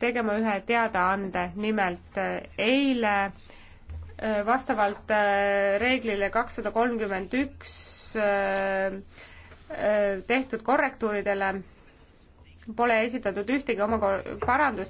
tegema ühe teadaande, nimelt eile äh, vastavalt äh, reeglile kakssada kolmkümmend üks äh, tehtud korrektuuridele pole esitatud ühtegi oma parandust